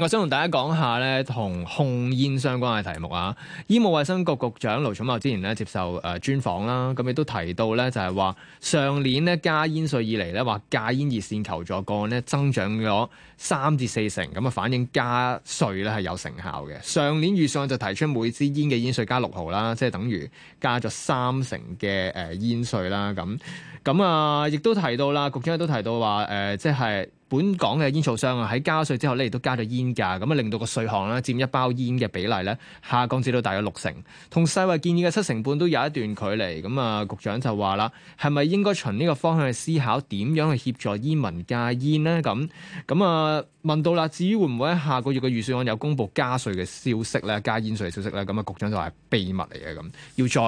我想同大家講下咧，同控煙相關嘅題目啊。醫務衛生局局長盧寵茂之前咧接受誒專訪啦，咁亦都提到咧，就係話上年咧加煙稅以嚟咧，話戒煙熱線求助個案咧增長咗三至四成，咁啊反映加稅咧係有成效嘅。上年預算就提出每支煙嘅煙稅加六毫啦，即係等於加咗三成嘅誒煙稅啦。咁咁啊，亦都提到啦，局長都提到話誒，即係。本港嘅煙草商啊，喺加稅之後咧，亦都加咗煙價，咁啊令到個稅項咧佔一包煙嘅比例咧下降至到大約六成，同世衞建議嘅七成半都有一段距離。咁啊，局長就話啦，「係咪應該循呢個方向去思考點樣去協助煙民戒煙呢？」咁咁啊問到啦，至於會唔會喺下個月嘅預算案有公布加稅嘅消息咧，加煙稅嘅消息咧？咁啊，局長就話係秘密嚟嘅，咁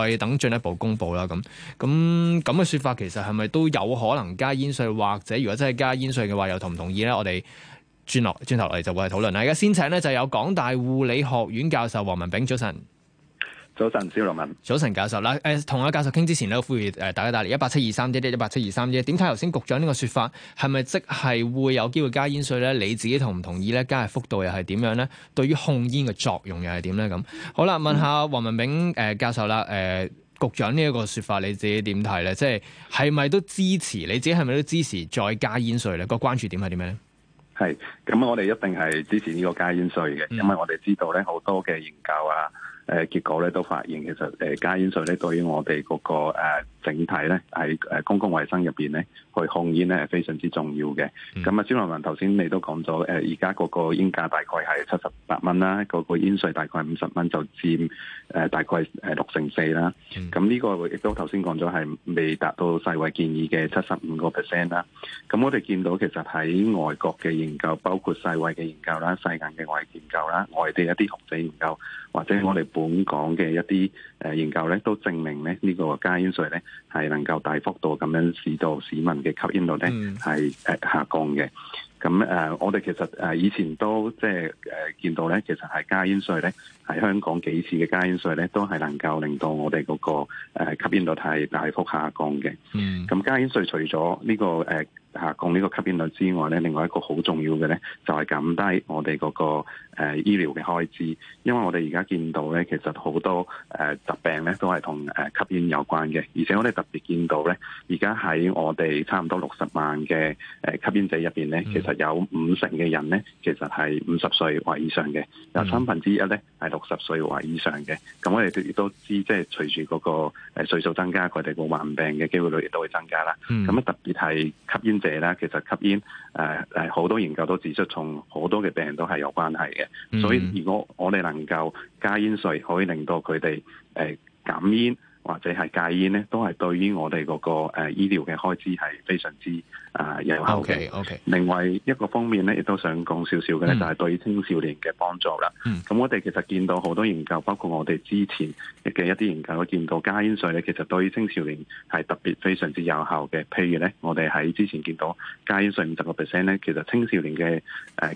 要再等進一步公布啦。咁咁咁嘅說法其實係咪都有可能加煙稅，或者如果真係加煙稅嘅話，又同唔同意咧，我哋轉落轉頭嚟，就會討論啦。而家先請咧，就有港大護理學院教授王文炳，早晨，早晨，小龍文早晨，早晨教授啦。誒、呃，同阿教授傾之前咧，我呼籲誒大家打嚟一八七二三一一八七二三一。點睇頭先局長呢個說法，係咪即係會有機會加煙稅咧？你自己同唔同意咧？加嘅幅度又係點樣咧？對於控煙嘅作用又係點咧？咁好啦，問下王文炳誒、呃、教授啦，誒、呃。局長呢一個說法你自己點睇咧？即係係咪都支持？你自己係咪都支持再加煙稅咧？個關注點係點樣咧？係咁，我哋一定係支持呢個加煙稅嘅，因為我哋知道咧好多嘅研究啊，誒、呃，結果咧都發現其實誒加煙稅咧對於我哋嗰、個誒。呃整體咧喺公共衛生入面咧，去控煙咧係非常之重要嘅。咁啊、嗯，孫立文頭先你都講咗，而家嗰個煙價大概係七十八蚊啦，嗰、嗰個煙稅大概五十蚊，就佔大概誒六成四啦。咁呢、嗯、個亦都頭先講咗係未達到世衞建議嘅七十五個 percent 啦。咁我哋見到其實喺外國嘅研究，包括世衞嘅研究啦、世界嘅外國研究啦、外地一啲學者研究，或者我哋本港嘅一啲研究咧，都證明咧呢、呢個加煙稅咧。係能夠大幅度咁樣使到市民嘅吸煙率咧係誒下降嘅，咁誒、呃、我哋其實誒以前都即係誒見到咧，其實係加煙稅咧，喺香港幾次嘅加煙稅咧，都係能夠令到我哋嗰、那個誒、呃、吸煙率係大幅下降嘅。嗯，咁加煙稅除咗呢、這個誒。呃下降呢個吸煙率之外咧，另外一個好重要嘅咧，就係、是、減低我哋嗰、那個誒、呃、醫療嘅開支，因為我哋而家見到咧，其實好多誒疾、呃、病咧都係同誒吸煙有關嘅，而且我哋特別見到咧，而家喺我哋差唔多六十萬嘅誒吸煙者入邊咧，mm. 其實有五成嘅人咧，其實係五十歲或以上嘅，mm. 有三分之一咧係六十歲或以上嘅，咁我哋亦都知即係、就是、隨住嗰個誒歲數增加，佢哋個患病嘅機會率亦都會增加啦。咁啊、mm. 特別係吸煙。啦，其實吸煙誒，呃、好多研究都指出，從好多嘅病人都係有關係嘅，嗯、所以如果我哋能夠加煙稅，可以令到佢哋誒減煙。呃或者係戒煙咧，都係對於我哋嗰、那個誒、呃、醫療嘅開支係非常之啊有效嘅。呃、OK okay. 另外一個方面咧，亦都想講少少嘅，mm. 就係對青少年嘅幫助啦。咁、mm. 嗯、我哋其實見到好多研究，包括我哋之前嘅一啲研究，我見到加煙稅咧，其實對於青少年係特別非常之有效嘅。譬如咧，我哋喺之前見到加煙稅五十個 percent 咧，其實青少年嘅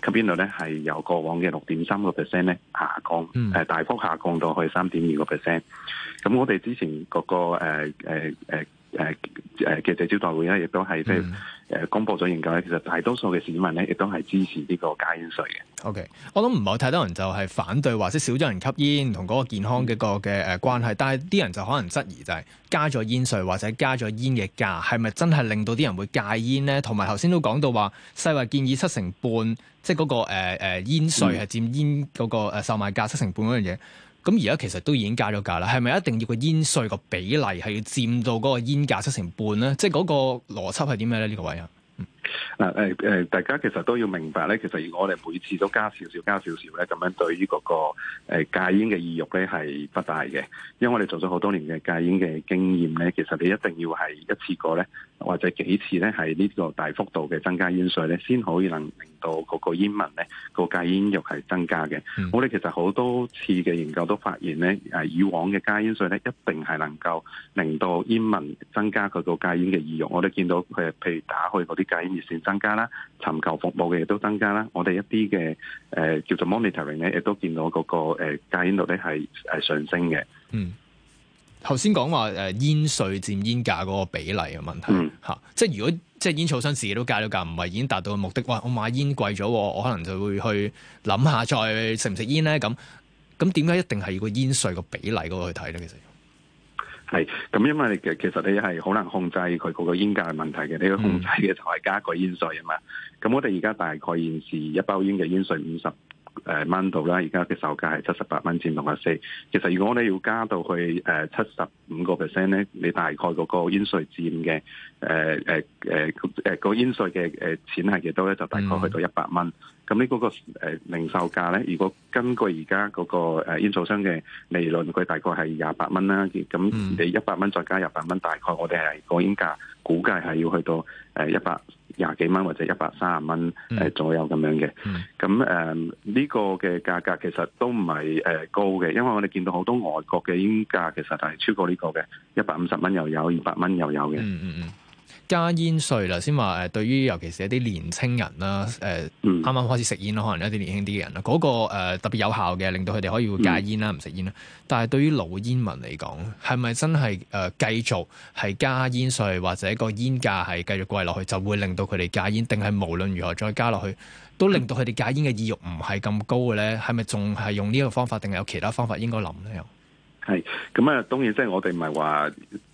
誒吸煙率咧係由過往嘅六點三個 percent 咧下降，誒、mm. 呃、大幅下降到去三點二個 percent。咁我哋之前。嗰個誒誒誒誒誒記者招待會咧，亦都係即係誒公佈咗研究咧。其實大多數嘅市民咧，亦都係支持呢個加煙稅嘅。Okay，我諗唔係太多人就係反對或者少咗人吸煙同嗰個健康嘅個嘅誒關係。但係啲人就可能質疑就係加咗煙稅或者加咗煙嘅價，係咪真係令到啲人會戒煙咧？同埋頭先都講到話，世衞建議七成半，即係嗰個誒誒、呃、煙稅係、嗯、佔煙嗰個售賣價七成半嗰樣嘢。咁而家其實都已經加咗價啦，係咪一定要個煙稅個比例係要佔到嗰個煙價七成半咧？即係嗰個邏輯係點樣咧？呢、這個位啊？嗱誒誒，大家其實都要明白咧，其實如果我哋每次都加少少，加少少咧，咁樣對於嗰個戒煙嘅意欲咧係不大嘅，因為我哋做咗好多年嘅戒煙嘅經驗咧，其實你一定要係一次過咧，或者幾次咧，係呢個大幅度嘅增加煙稅咧，先可以能令到嗰個煙民咧個戒煙欲係增加嘅。嗯、我哋其實好多次嘅研究都發現咧，誒以往嘅加煙稅咧一定係能夠令到煙民增加佢個戒煙嘅意欲。我哋見到佢係譬如打開嗰啲戒煙。增加啦，尋求服務嘅亦都增加啦。我哋一啲嘅誒叫做 monitoring 咧，亦都見到嗰個誒戒煙率咧係係上升嘅。嗯，頭先講話誒煙稅佔煙價嗰個比例嘅問題吓，即係、嗯、如果即係煙草商自己都加咗價，唔係已經達到目的？哇！我買煙貴咗，我可能就會去諗下再食唔食煙咧？咁咁點解一定係要個煙稅個比例嗰個去睇咧？其實？係，咁因為其實你係好難控制佢個煙價嘅問題嘅，你要控制嘅就係加一個煙稅啊嘛。咁、嗯、我哋而家大概現時一包煙嘅煙稅五十。誒蚊度啦，而家嘅售價係七十八蚊佔六十四。其實如果我哋要加到去誒七十五個 percent 咧，你大概嗰個煙稅佔嘅誒誒誒誒個煙稅嘅誒錢係幾多咧？就大概去到一百蚊。咁呢嗰個誒零售價咧，如果根據而家嗰個誒煙草商嘅利潤，佢大概係廿八蚊啦。咁你一百蚊再加廿八蚊，大概我哋係個煙價估計係要去到誒一百。呃廿幾蚊或者一百三十蚊，係左右咁樣嘅。咁誒、嗯，呢、嗯嗯這個嘅價格其實都唔係誒高嘅，因為我哋見到好多外國嘅煙價，其實係超過呢個嘅，一百五十蚊又有，二百蚊又有嘅、嗯。嗯嗯嗯。加煙稅啦，先話誒對於尤其是一啲年青人啦，誒啱啱開始食煙啦，可能一啲年輕啲嘅人啦，嗰個、那個、呃、特別有效嘅，令到佢哋可以會戒煙啦，唔食煙啦。嗯、但係對於老煙民嚟講，係咪真係誒繼續係加煙稅或者個煙價係繼續貴落去，就會令到佢哋戒煙？定係無論如何再加落去，都令到佢哋戒煙嘅意欲唔係咁高嘅咧？係咪仲係用呢一個方法？定係有其他方法應該諗咧？係咁啊！當然，即係我哋唔係話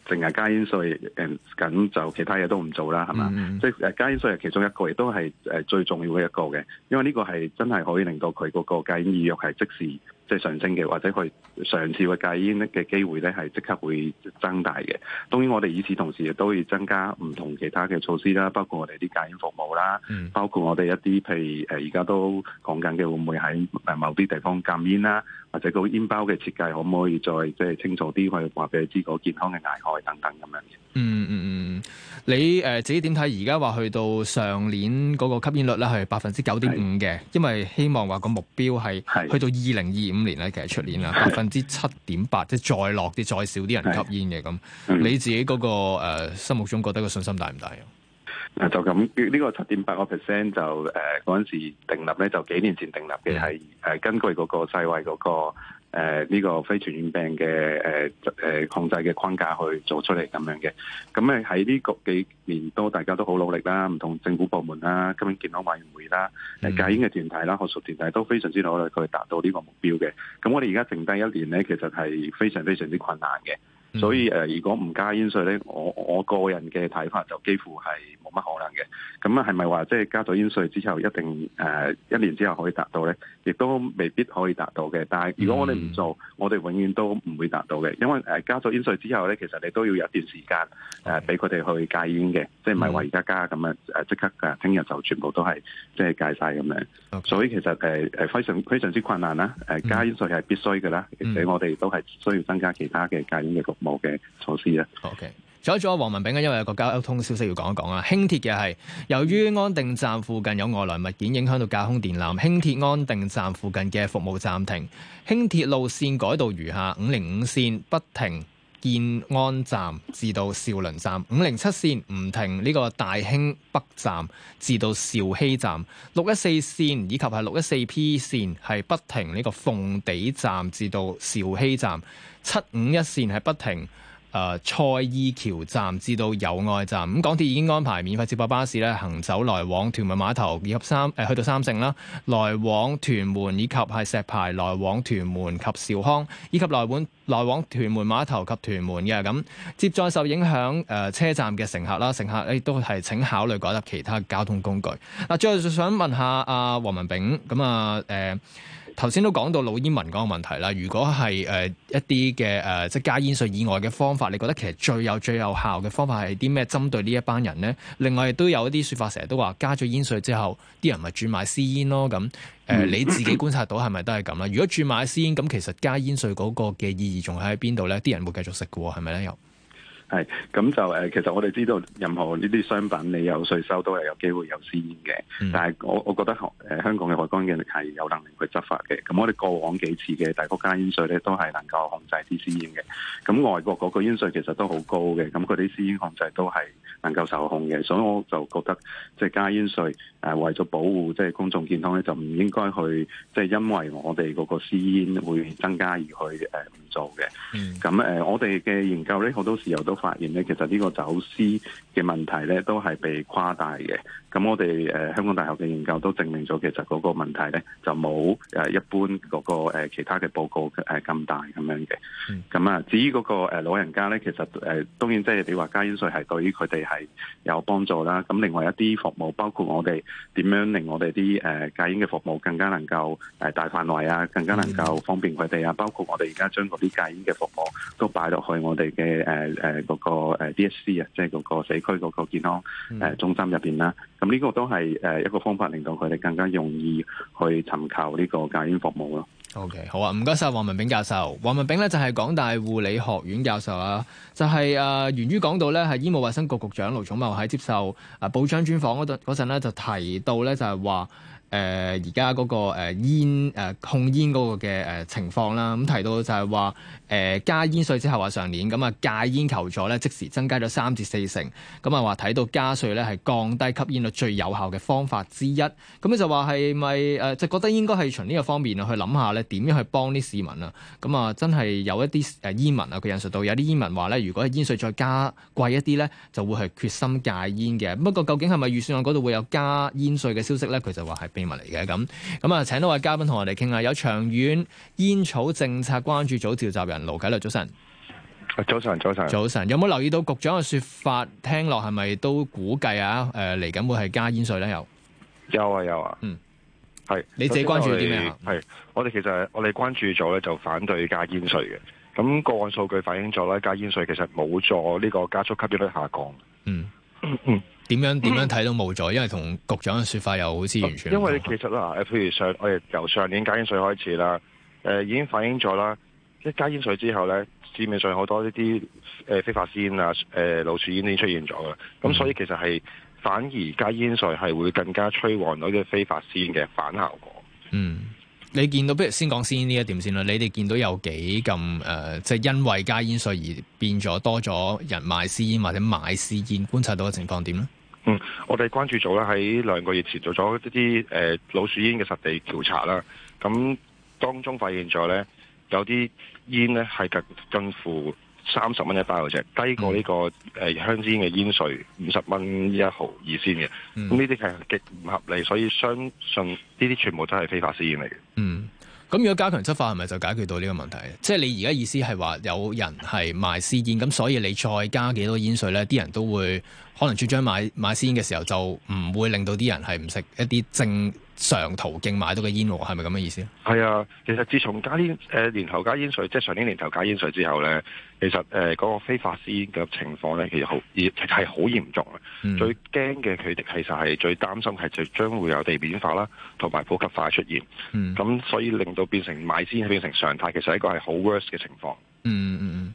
淨係加煙稅誒，咁，就其他嘢都唔做啦，係嘛？即係、mm hmm. 加煙稅係其中一個，亦都係最重要嘅一個嘅，因為呢個係真係可以令到佢個個戒煙意欲係即時即係上升嘅，或者佢上次嘅戒煙嘅機會咧係即刻會增大嘅。當然，我哋以此同時亦都要增加唔同其他嘅措施啦，包括我哋啲戒煙服務啦，mm hmm. 包括我哋一啲譬如誒而家都講緊嘅會唔會喺誒某啲地方禁煙啦。或者個煙包嘅設計可唔可以再即係清楚啲，去話俾你知個健康嘅危害等等咁樣嘅。嗯嗯嗯，你誒、呃、自己點睇？而家話去到上年嗰個吸煙率咧係百分之九點五嘅，是的 因為希望話個目標係去到二零二五年咧，是的 其實出年啦百分之七是的 點八，即係再落啲，再少啲人吸煙嘅咁。是的 你自己嗰、那個、呃、心目中覺得個信心大唔大？就咁呢、這個七點八個 percent 就誒，嗰、呃、陣時訂立咧，就幾年前訂立嘅係誒，mm hmm. 根據嗰個世衛嗰、那個誒呢、呃這個非傳染病嘅誒誒控制嘅框架去做出嚟咁樣嘅。咁咧喺呢個幾年都大家都好努力啦，唔同政府部門啦、今日健康委員會啦、誒戒煙嘅團體啦、學術團體都非常之努力，去達到呢個目標嘅。咁我哋而家剩低一年咧，其實係非常非常之困難嘅。所以誒、呃，如果唔加煙稅咧，我我個人嘅睇法就幾乎係冇乜可能嘅。咁啊，係咪話即係加咗煙稅之後一定誒、呃、一年之後可以達到咧？亦都未必可以達到嘅。但係如果我哋唔做，我哋永遠都唔會達到嘅。因為誒、呃、加咗煙稅之後咧，其實你都要有一段時間誒俾佢哋去戒煙嘅，即係唔係話而家加咁樣即刻誒聽日就全部都係即係戒晒咁樣。Okay. 所以其實非常非常之困難啦。加煙稅係必須嘅啦，而我哋都係需要增加其他嘅戒煙嘅局。冇嘅措施啊 OK，左左王文炳啊，因為有個交通消息要講一講啊。輕鐵嘅係由於安定站附近有外來物件影響到架空電纜，輕鐵安定站附近嘅服務暫停，輕鐵路綫改道如下：五零五綫不停。建安站至到兆麟站，五零七線唔停呢個大興北站至到兆禧站，六一四線以及係六一四 P 線係不停呢個鳳地站至到兆禧站，七五一線係不停。誒蔡意橋站至到友愛站，咁港鐵已經安排免費接駁巴士咧，行走來往屯門碼頭以及三、呃、去到三聖啦，來往屯門以及係石排，來往屯門及兆康，以及來往來往屯門碼頭及屯門嘅咁，接載受影響誒、呃、車站嘅乘客啦，乘客亦都係請考慮改搭其他交通工具。嗱、呃，最後就想問一下阿王、啊、文炳咁啊誒。頭先都講到老煙民嗰個問題啦，如果係誒一啲嘅誒即係加煙稅以外嘅方法，你覺得其實最有最有效嘅方法係啲咩？針對這人呢一班人咧？另外亦都有一啲說法說，成日都話加咗煙稅之後，啲人咪轉買私煙咯。咁誒，你自己觀察到係咪都係咁啦？如果轉買私煙，咁其實加煙稅嗰個嘅意義仲喺喺邊度咧？啲人會繼續食嘅係咪咧？又？係，咁就誒，其實我哋知道任何呢啲商品，你有稅收都係有機會有私煙嘅。但係我我覺得香港嘅海關嘅係有能力去執法嘅。咁我哋過往幾次嘅大幅加煙稅咧，都係能夠控制啲私煙嘅。咁外國嗰個煙稅其實都好高嘅，咁佢啲私煙控制都係能夠受控嘅。所以我就覺得，即係加煙稅誒，為咗保護即係、就是、公眾健康咧，就唔應該去即係、就是、因為我哋嗰個私煙會增加而去誒唔做嘅。咁誒，我哋嘅研究咧好多時候都，發現咧，其實呢個走私嘅問題咧，都係被誇大嘅。咁我哋誒、呃、香港大學嘅研究都證明咗，其實嗰個問題咧就冇誒、呃、一般嗰、嗰個、呃、其他嘅報告誒咁、呃、大咁樣嘅。咁啊的，至於嗰個老人家咧，其實誒、呃、當然即係你話加煙稅係對於佢哋係有幫助啦。咁另外一啲服務，包括我哋點樣令我哋啲誒戒煙嘅服務更加能夠誒、呃、大範圍啊，更加能夠方便佢哋啊。的包括我哋而家將嗰啲戒煙嘅服務都擺落去我哋嘅誒誒。呃呃嗰個 DHC 啊，即係嗰個社區嗰個健康誒中心入邊啦。咁呢個都係誒一個方法，令到佢哋更加容易去尋求呢個戒煙服務咯。OK，好啊，唔該晒。王文炳教授。王文炳呢就係港大護理學院教授啊，就係、是、誒、呃、源於講到呢，係醫務衛生局局長盧寵茂喺接受誒報章專訪嗰度嗰陣咧，就提到呢，就係話。誒而家嗰個誒煙、呃、控煙嗰個嘅誒情況啦，咁、呃呃、提到就係話誒加煙稅之後，話上年咁啊戒煙求助咧，即時增加咗三至四成。咁啊話睇到加稅咧係降低吸煙率最有效嘅方法之一。咁咧就話係咪誒就覺得應該係從呢個方面去諗下咧點樣去幫啲市民啊？咁啊真係有一啲誒煙民啊，佢引述到有啲煙民話咧，如果係煙稅再加貴一啲咧，就會係決心戒煙嘅。不過究竟係咪預算案嗰度會有加煙稅嘅消息咧？佢就話係嚟嘅，咁咁啊！請多位嘉賓同我哋傾下，有長遠煙草政策關注組召集人盧啟律，早晨。早晨，早晨，早，早晨！有冇留意到局長嘅説法？聽落係咪都估計啊？誒、呃，嚟緊會係加煙稅咧？有，有啊，有啊。嗯，係是你自己關注啲咩啊？係我哋其實我哋關注咗咧，就反對加煙稅嘅。咁、那個案數據反映咗咧，加煙稅其實冇助呢個加速吸煙率下降。嗯。嗯點樣點、嗯、樣睇都冇咗？因為同局長嘅説法又好似完全唔一樣。因為其實啦，誒，譬如上我哋由上年加煙稅開始啦，誒、呃，已經反映咗啦。一加煙稅之後咧，市面上好多呢啲誒非法私煙啊、誒、呃、老鼠煙已經出現咗啦。咁所以其實係、嗯、反而加煙稅係會更加吹旺到啲非法私煙嘅反效果。嗯，你見到不如先講私煙呢一點先啦。你哋見到有幾咁誒，即、呃、係、就是、因為加煙稅而變咗多咗人賣私煙或者賣私煙觀察到嘅情況點咧？嗯，我哋關注組咧喺兩個月前做咗一啲誒、呃、老鼠煙嘅實地調查啦。咁當中發現咗咧，有啲煙咧係近乎三十蚊一包嘅啫，低過呢、這個誒、嗯呃、香煙嘅煙稅五十蚊一毫二仙嘅。咁呢啲係極唔合理，所以相信呢啲全部都係非法私煙嚟嘅。嗯，咁如果加強執法，係咪就解決到呢個問題？即係你而家意思係話有人係賣私煙，咁所以你再加幾多煙稅咧，啲人都會。可能註章買買煙嘅時候就唔會令到啲人係唔食一啲正常途徑買到嘅煙喎，係咪咁嘅意思？係啊，其實自從加煙、呃、年頭加煙稅，即係上年年頭加煙稅之後咧，其實嗰、呃那個非法私煙嘅情況咧，其實好而係好嚴重嘅。嗯、最驚嘅佢哋其實係最擔心係最將會有地變化啦，同埋普及化出現。咁、嗯、所以令到變成買煙變成常態，其實一個係好 worse 嘅情況。嗯嗯嗯，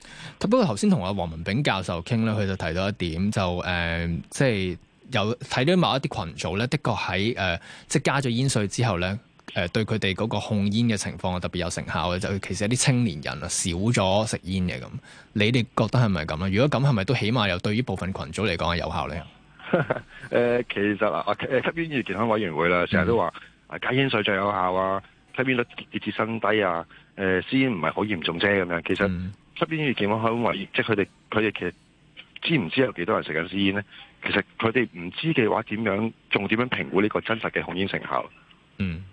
不過頭先同阿王文炳教授傾咧，佢就提到一點，就誒、呃，即係有睇到某一啲群組咧，的確喺誒，即係加咗煙稅之後咧，誒、呃，對佢哋嗰個控煙嘅情況特別有成效嘅，就其實一啲青年人啊少咗食煙嘅咁。你哋覺得係咪咁咧？如果咁，係咪都起碼有對於部分群組嚟講係有效咧？誒、 呃，其實啊，吸煙與健康委員會啦，成日都話加煙稅最有效啊，吸煙率跌跌新低啊。誒、呃、私煙唔係好嚴重啫，咁樣其實身邊嘅健康衞生即係佢哋佢哋其實知唔知有幾多人食緊私煙呢？其實佢哋唔知嘅話，點樣仲點樣評估呢個真實嘅控煙成效？嗯，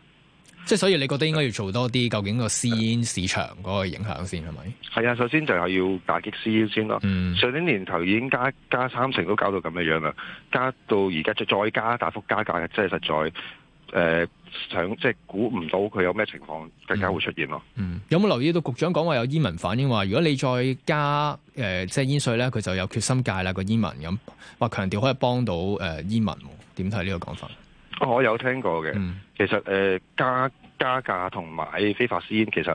即係所以你覺得應該要做多啲，究竟個私煙市場嗰個影響先係咪？係啊，首先就係要打擊私煙先咯。嗯、上年年頭已經加加三成都搞到咁嘅樣啦，加到而家再再加大幅加價嘅，真係實在。誒、呃，想即係估唔到佢有咩情況更加會出現咯、嗯。嗯，有冇留意到局長講話有煙民反映話，如果你再加誒、呃，即係煙稅咧，佢就有決心戒啦個煙民咁。話強調可以幫到誒煙民，點睇呢個講法？我、哦、有聽過嘅。嗯、其實誒、呃、加加價同埋非法私煙其實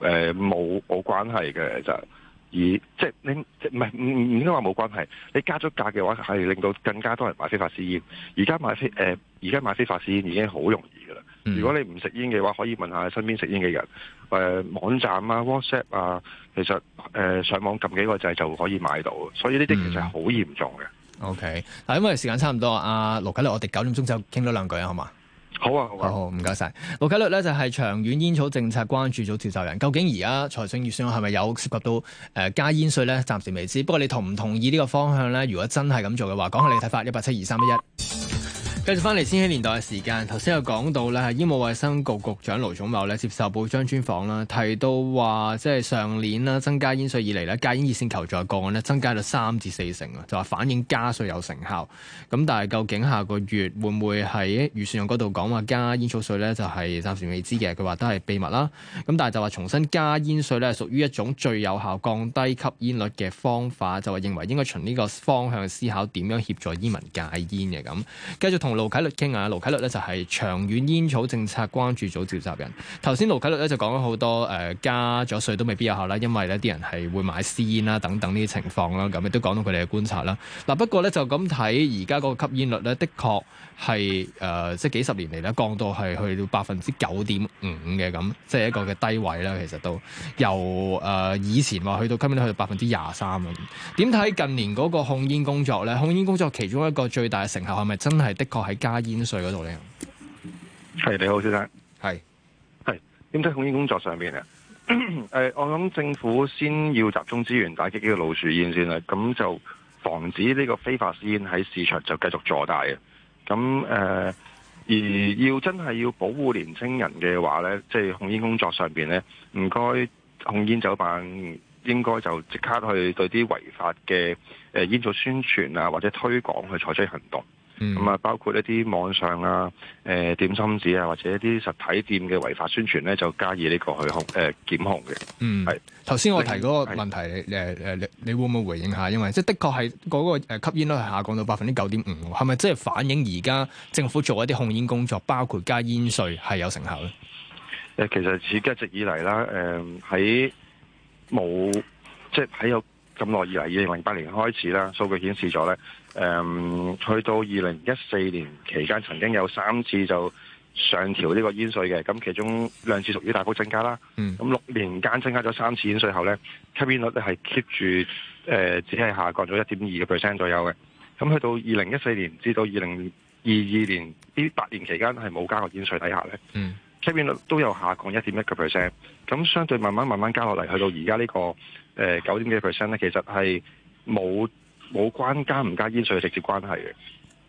誒冇冇關係嘅就是。而即係你即唔係唔唔應該話冇關係。你加咗價嘅話，係令到更加多人買非法私煙。而家買非誒，而、呃、家買非法私煙已經好容易噶啦。如果你唔食煙嘅話，可以問下身邊食煙嘅人。誒、呃，網站啊、WhatsApp 啊，其實誒、呃、上網撳幾個掣就可以買到。所以呢啲其實係好嚴重嘅。O K，嗱，okay, 因為時間差唔多，啊。盧啟律，我哋九點鐘就傾多兩句啊，好嘛？好啊，好啊好好，好唔該晒。盧啟律咧，就係、是、長遠煙草政策關注組召集人，究竟而家財政預算案係咪有涉及到誒、呃、加煙稅咧？暫時未知。不過你同唔同意呢個方向咧？如果真係咁做嘅話，講下你嘅睇法。一八七二三一一。繼續翻嚟千禧年代嘅時間，頭先有講到咧，係醫務衛生局局長盧寵茂咧接受報章專訪啦，提到話即係上年啦，增加煙稅以嚟咧，戒煙熱線求助個案呢增加咗三至四成啊，就話反映加稅有成效。咁但係究竟下個月會唔會喺預算案嗰度講話加煙草稅呢？就係、是、暫時未知嘅，佢話都係秘密啦。咁但係就話重新加煙稅呢，屬於一種最有效降低吸煙率嘅方法，就話認為應該從呢個方向思考點樣協助煙民戒煙嘅咁。繼續同。盧啟律傾啊，盧啟律咧就係長遠煙草政策關注組召集人。頭先盧啟律咧就講咗好多，誒、呃、加咗稅都未必有效啦，因為呢啲人係會買私煙啦，等等呢啲情況啦，咁亦都講到佢哋嘅觀察啦。嗱，不過咧就咁睇，而家個吸煙率咧的確係誒，即係幾十年嚟，咧降到係去到百分之九點五嘅咁，即係一個嘅低位啦。其實都由誒、呃、以前話去到今年去到百分之廿三啊，點睇近年嗰個控煙工作咧？控煙工作其中一個最大嘅成效係咪真係的確係？喺加煙稅嗰度咧，係你好，先生，係係點解控煙工作上邊啊？誒、呃，我諗政府先要集中資源打擊呢個老鼠煙先啦，咁就防止呢個非法煙喺市場就繼續坐大嘅。咁誒、呃，而要真係要保護年青人嘅話咧，即係控煙工作上邊咧，唔該控煙酒辦應該就即刻去對啲違法嘅誒煙草宣傳啊或者推廣去採取行動。咁啊，嗯、包括一啲網上啊、誒、呃、點心紙啊，或者一啲實體店嘅違法宣傳咧，就加以呢個去控誒、呃、檢控嘅。嗯，係頭先我提嗰個問題，誒是你你，你，你，你，你會唔會回應下？因為即係的確係嗰個吸煙率係下降到百分之九點五，係咪即係反映而家政府做一啲控煙工作，包括加煙稅係有成效咧？誒、呃，其實自一直以嚟啦，誒喺冇即係喺有咁耐以嚟，二零零八年開始啦，數據顯示咗咧。誒、嗯，去到二零一四年期間，曾經有三次就上調呢個煙稅嘅，咁其中兩次屬於大幅增加啦。咁、嗯、六年間增加咗三次煙稅後呢，吸煙率咧係 keep 住誒、呃，只係下降咗一點二個 percent 左右嘅。咁去到二零一四年至到二零二二年呢八年期間係冇加過煙稅底下咧，嗯、吸煙率都有下降一點一個 percent。咁相對慢慢慢慢加落嚟，去到而家呢個誒九點幾 percent 呢，其實係冇。冇關加唔加煙稅直接關係嘅。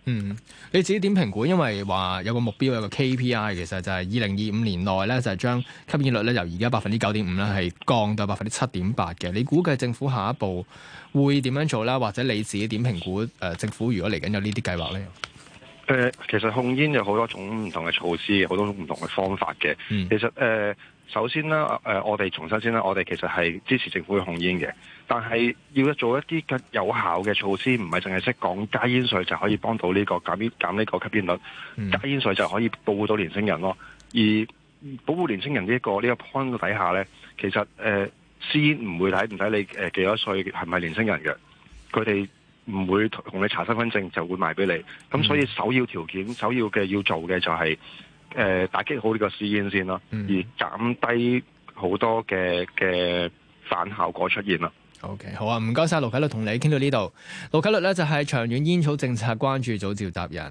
嗯，你自己點評估？因為話有個目標有個 KPI，其實就係二零二五年內咧，就係、將吸煙率咧由而家百分之九點五咧係降到百分之七點八嘅。你估計政府下一步會點樣做啦？或者你自己點評估？誒、呃，政府如果嚟緊有呢啲計劃咧？誒、呃，其實控煙有好多種唔同嘅措施，好多種唔同嘅方法嘅。嗯、其實誒。呃首先咧、呃，我哋重申先啦，我哋其實係支持政府去控煙嘅，但係要做一啲嘅有效嘅措施，唔係淨係識講加煙稅就可以幫到呢個減減呢個吸煙率。嗯、加煙稅就可以保護到年青人咯。而保護年青人呢一呢個、呢個 point 底下咧，其實誒、呃、私煙唔會睇唔睇你誒幾、呃、多歲係唔係年青人嘅，佢哋唔會同你查身份證就會賣俾你。咁所以首要條件、嗯、首要嘅要做嘅就係、是。誒打擊好呢個私煙先啦，而減低好多嘅、嘅反效果出現啦。OK，好啊，唔該曬盧啟律，同你傾到這裡、呢度。盧啟律咧就係、是、長遠煙草政策關注組召集人。